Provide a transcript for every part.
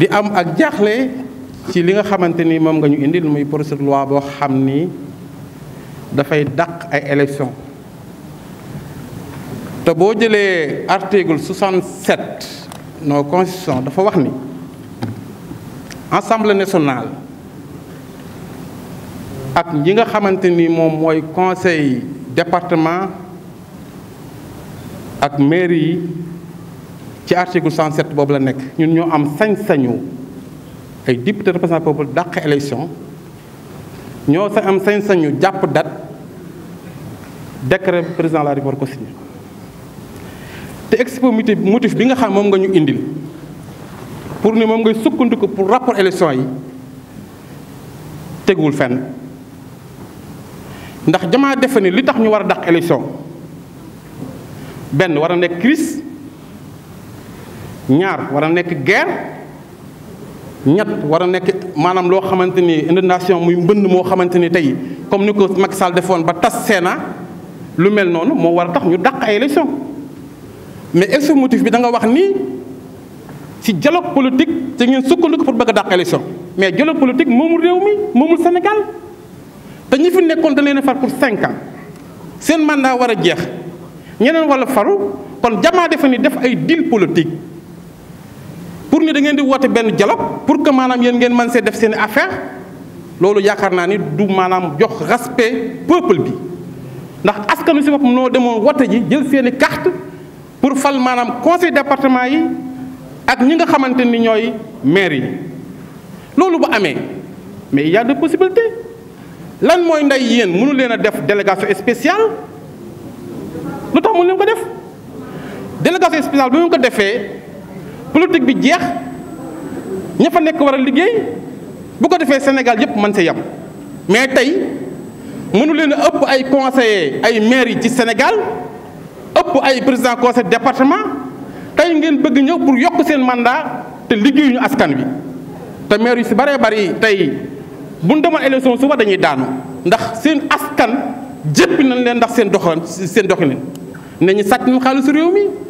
di am ak jaaxle ci li nga xamante ni moom nga ñu indil muy projet de boo xam ni dafay dàq ay élection te boo jëlee article 67 nos constitution dafa wax ni assemblée nationale ak ñi nga xamante ni moom mooy conseil département ak mairie yi ci article 107 boobu la nekk ñun ñoo am sañ-sañu ay député représentant peuple dàq élection ñoo sa am sañ-sañu jàpp date décret président la République ko signé te exposé motif bi nga xam moom nga ñu indil pour ni moom ngay sukkandiku pour rapport élection yi teguwul fenn ndax jamaa defe ni li tax ñu war a dàq élection benn war a nekk crise ñaar war a nekk guerre ñett war a nekk maanaam loo xamante ni inondation muy mbënn moo xamante ni tey comme ni ko mag Sall defoon ba tas Sénat lu mel noonu moo war a tax ñu dàq ay élection mais est bi da nga wax ni ci dialogue politique ci ngeen sukkandiku pour bëgg a dàq élection mais dialogue politique moomul réew mi moomul Sénégal te ñi fi nekkoon da leen a far pour cinq ans seen mandat war a jeex ñeneen wala faru kon jamaa defe ni def ay deal politique pour ni da ngeen di woote benn dialogue pour que manam yéen ngeen mën see def seen affaire lolu yaakaar naa ni du manam jox respect peuple bi ndax askanu si boppam noo demoon woote ji jël seen carte pour fal manam conseil département yi ak ñi nga xamante ni maire yi lolu bu amé mais il y a des possibilités lan moy nday yéen mënu leen a def délégation spéciale lutax tax mënu leen ko def délégation spéciale bu mu ko défé politique bi jeex ña fa nekk war a liggéey bu ko defee Sénégal yépp man see yam mais tey mënu leen a ëpp ay conseillers ay maires yi ci Sénégal ëpp ay président conseil département tey ngeen bëgg ñëw pour yokk seen mandat te liggéeyuñu askan wi te maire yu si bëree bëri tey bu ñu demoon élection suba dañuy daanu ndax seen askan jéppi nañ leen ndax seen doxalin seen doxalin ne ñu sàcc nañ xaalisu réew mi.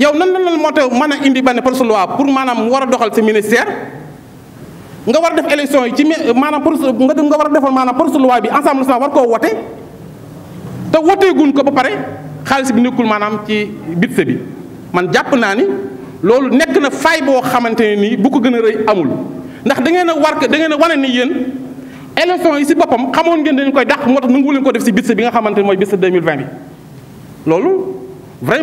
yow nan la lan moo tax mën a indi benn projet de loi pour maanaam war a doxal sa ministère nga war a def élection yi ci maanaam projet nga war a defal maanaam projet de loi bi Assemblée nationale war koo wote te woteeguñ ko ba pare xaalis bi nekkul maanaam ci budget bi man jàpp naa ni loolu nekk na faay boo xamante ne nii bu ko gën a rëy amul ndax da ngeen a war da ngeen a wane ni yéen élection yi si boppam xamoon ngeen dañ koy dàq moo tax nanguwu leen ko def si budget bi nga xamante ne mooy budget 2020 bi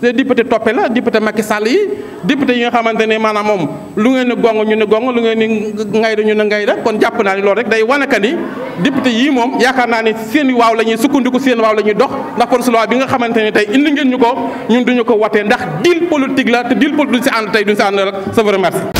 te député toppe la député Macky Sall yi député yi nga xamante ne maanaam moom lu ngeen ne gong ñu ne gong lu ngeen ni ngay da ñu ne ngay da kon jàpp naa ni loolu rek day wanaka ni député yii moom yaakaar naa ne seen waaw la ñuy sukkandiku seen waaw la ñuy dox ndax force loi bi nga xamante ne tey indi ngeen ñu ko ñun duñu ko watee ndax deal politique la te deal politique duñ si ànd tey duñ si ànd rek ça vous remercie